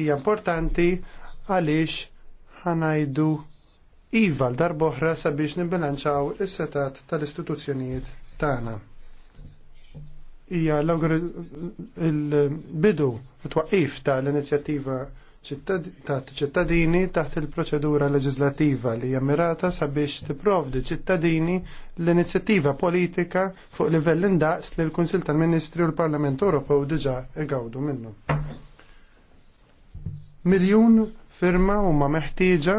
hija importanti għaliex ħanajdu iva l-darboħra sabiex nibbilanċaw is-setat tal-istituzzjonijiet tagħna. Hija l-bidu t tal-inizjattiva ta' ċittadini taħt il-proċedura leġislativa li jammirata sabiex tipprovdi ċittadini l-inizjattiva politika fuq livell indaqs li l-Kunsil tal-Ministri u l-Parlament Ewropew diġà igawdu minnu. Miljun firma huma meħtieġa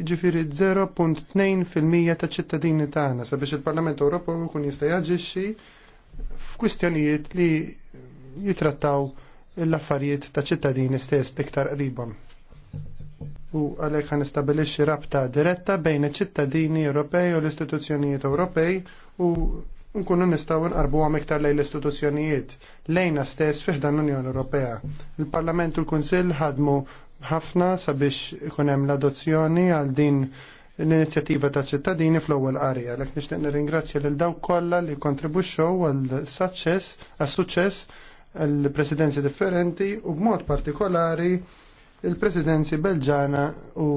jiġifieri 0.2% ta' ċittadini tagħna sabiex il-Parlament Ewropew ikun jista' jaġixxi f'kwistjonijiet li jitrattaw l-affarijiet ta' ċittadini stess iktar qribhom. U għalhekk ħan nistabilixxi rabta diretta bejn iċ-ċittadini Ewropej u l-istituzzjonijiet Ewropej u nkunu nistgħu nqarbu għam iktar lejn l-istituzzjonijiet lejna stess fiħda l-Unjoni Ewropea. Il-Parlament u l-Kunsill ħadmu ħafna sabiex ikun hemm l-adozzjoni għal din l-inizjattiva ta' ċittadini fl-ewwel qarja. Lek nixtieq nirringrazzja lil dawk kollha li kontribwixxew għal-suċċess għas-suċċess l-presidenzi differenti u b'mod partikolari il-presidenzi Belġana u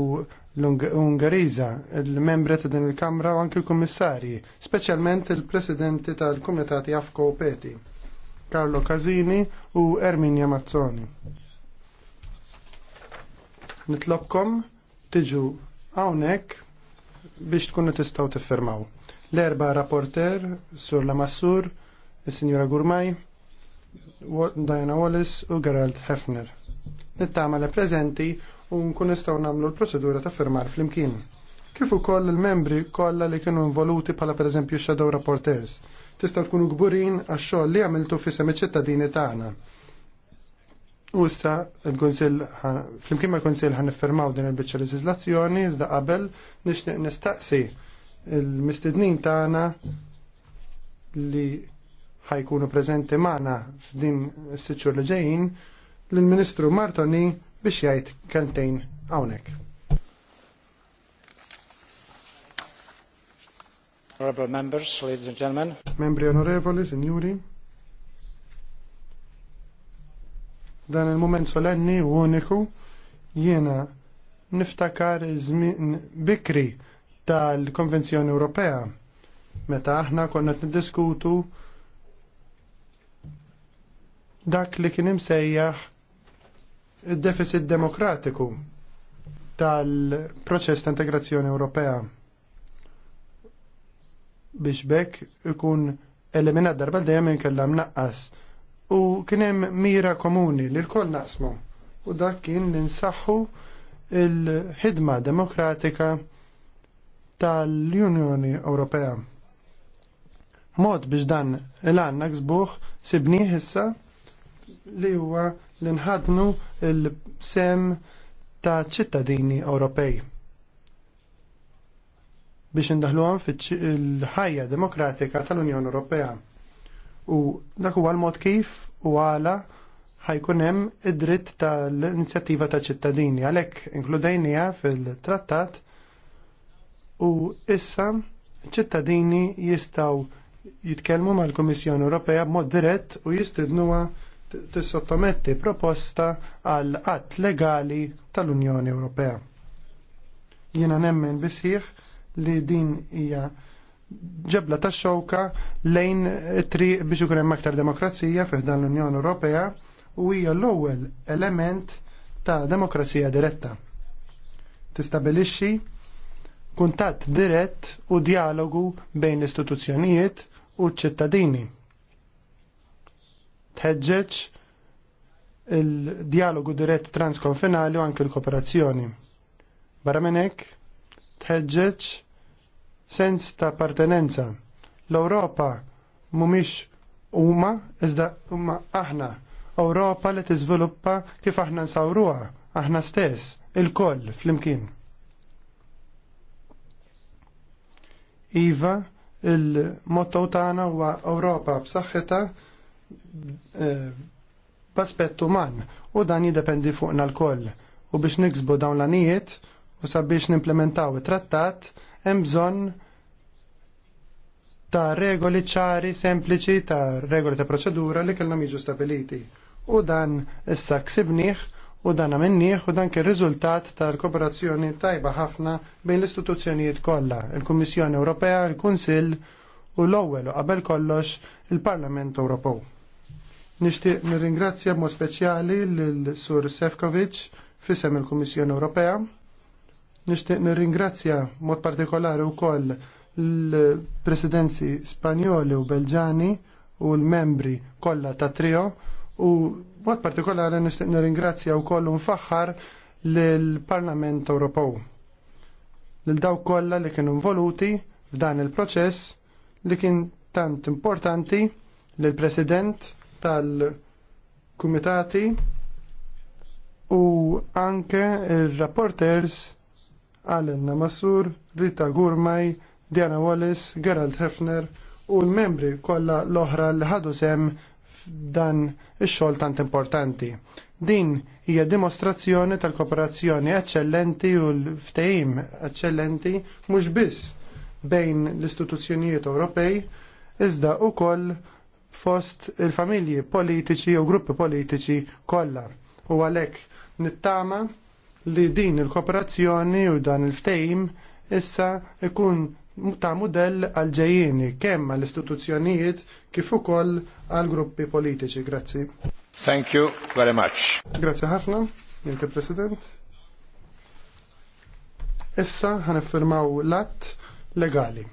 l-Ungariża, il-membri ta' din il-Kamra u anke l-Kummissarji, speċjalment il-Presidenti tal-Kumitati Afko Peti, Carlo Casini u Erminja Mazzoni. Nitlobkom tiġu hawnhekk biex tkunu tistgħu tiffirmaw. L-erba' rapporter, Sur Massur, il sinjura Gurmaj, Diana Wallace u Gerald Hefner. Nittama le prezenti u nkun nistgħu nagħmlu l-proċedura ta' firmar flimkien. Kif ukoll il-membri kollha li kienu involuti bħala pereżempju shadow rapporters Tistgħu tkunu gburin għax-xogħol li għamiltu fi semi ċittadini tagħna. U issa il-Kunsill flimkien mal-Kunsill ħaniffirmaw din il-biċċa leġiżlazzjoni iżda qabel nixtieq nistaqsi il-mistednin tagħna li ħajkunu preżenti magħna f'din is-sitxur li ġejjin lill-Ministru Martoni biex jgħid kentejn hawnhekk. Honorable members, ladies and gentlemen. Membri onorevoli, signori. Dan il-moment solenni u uniku jiena niftakar żmien bikri tal-Konvenzjoni Ewropea meta aħna konna niddiskutu dak li kien imsejjaħ id-deficit demokratiku tal-proċess ta' integrazzjoni Ewropea biex bekk ikun eliminat darba dejjem inkella naqqas. u kien hemm mira komuni li l-koll naqsmu u dak kien li nsaħħu il-ħidma demokratika tal-Unjoni Ewropea. Mod biex dan il għanna naksbuħ issa li huwa li nħadnu l-sem ta' ċittadini Ewropej biex indaħluhom fil-ħajja demokratika tal-Unjoni Ewropea. U dak huwa l-mod kif u għala ħajkun hemm id-dritt tal-inizjattiva ta' ċittadini għalhekk inkludejnija fil-trattat u issa ċittadini jistgħu jitkellmu mal-Kummissjoni Ewropea b'mod dirett u jistidnuha tissottometti proposta għal qatt legali tal-Unjoni Ewropea. Jiena nemmen bisħiħ li din hija ġebla ta' xewka lejn tri biex ikun hemm aktar demokrazija fih dan l-Unjoni Ewropea u hija l-ewwel element ta' demokrazija diretta. Tistabilixxi kuntatt dirett u dialogu bejn l-istituzzjonijiet u ċ-ċittadini tħeġġeġ il-dialogu dirett transkonfinali u anke l-kooperazzjoni. Barra minn hekk tħeġġeġ sens ta' appartenenza. L-Ewropa mhumiex huma iżda umma aħna. Europa li tiżviluppa kif aħna nsawruha, aħna stess, il-koll flimkien. Iva, il-motto tagħna huwa Ewropa b'saħħitha Eh, b'aspett uman u dan jiddependi fuqna l-koll. U biex niksbu dawn l-anijiet u sabiex nimplementaw it-trattat hemm bżonn ta' regoli ċari, sempliċi, ta' regoli ta' proċedura li kellhom jiġu stabiliti. U dan issa ksibnieh u dan għamennieh u dan kien riżultat tal-kooperazzjoni tajba ħafna bejn l-istituzzjonijiet kollha, il-Kummissjoni Ewropea, il-Kunsill u l-ewwel u qabel kollox il-Parlament Ewropew. Nixtieq nirringrazzja mod speċjali l Sur Sefcovic fisem il-Kummissjoni Ewropea. Nixtieq nirringrazzja mod partikolari wkoll l-presidenzi Spanjoli u Belġani u l-membri kollha ta' trio u mod partikolari nixtieq nirringrazzja wkoll nfaħħar lill-Parlament Ewropew lil daw kollha li kienu involuti f'dan il-proċess li kien tant importanti lill president tal-kumitati u anke il-rapporters Alenna Massur, Rita Gurmaj, Diana Wallis, Gerald Hefner u l-membri kollha l-oħra li ħadu sem dan ix-xogħol tant importanti. Din hija dimostrazzjoni tal-kooperazzjoni eċċellenti u l-ftehim eċċellenti mhux biss bejn l-istituzzjonijiet Ewropej iżda wkoll fost il-familji politiċi u gruppi politiċi kollha. U għalhekk nittama li din il-kooperazzjoni u dan il-ftejim issa ikun ta' modell għal-ġejjeni kemm għall-istituzzjonijiet kif ukoll għall-gruppi politiċi. Grazzi. Thank you very much. Grazzi ħafna, Jinti President. Issa ħanifirmaw l-att legali.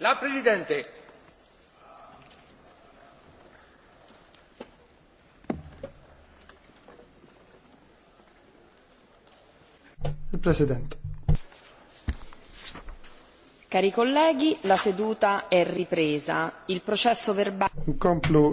La Presidente. Il Presidente. Cari colleghi, la seduta è ripresa. Il processo verbale.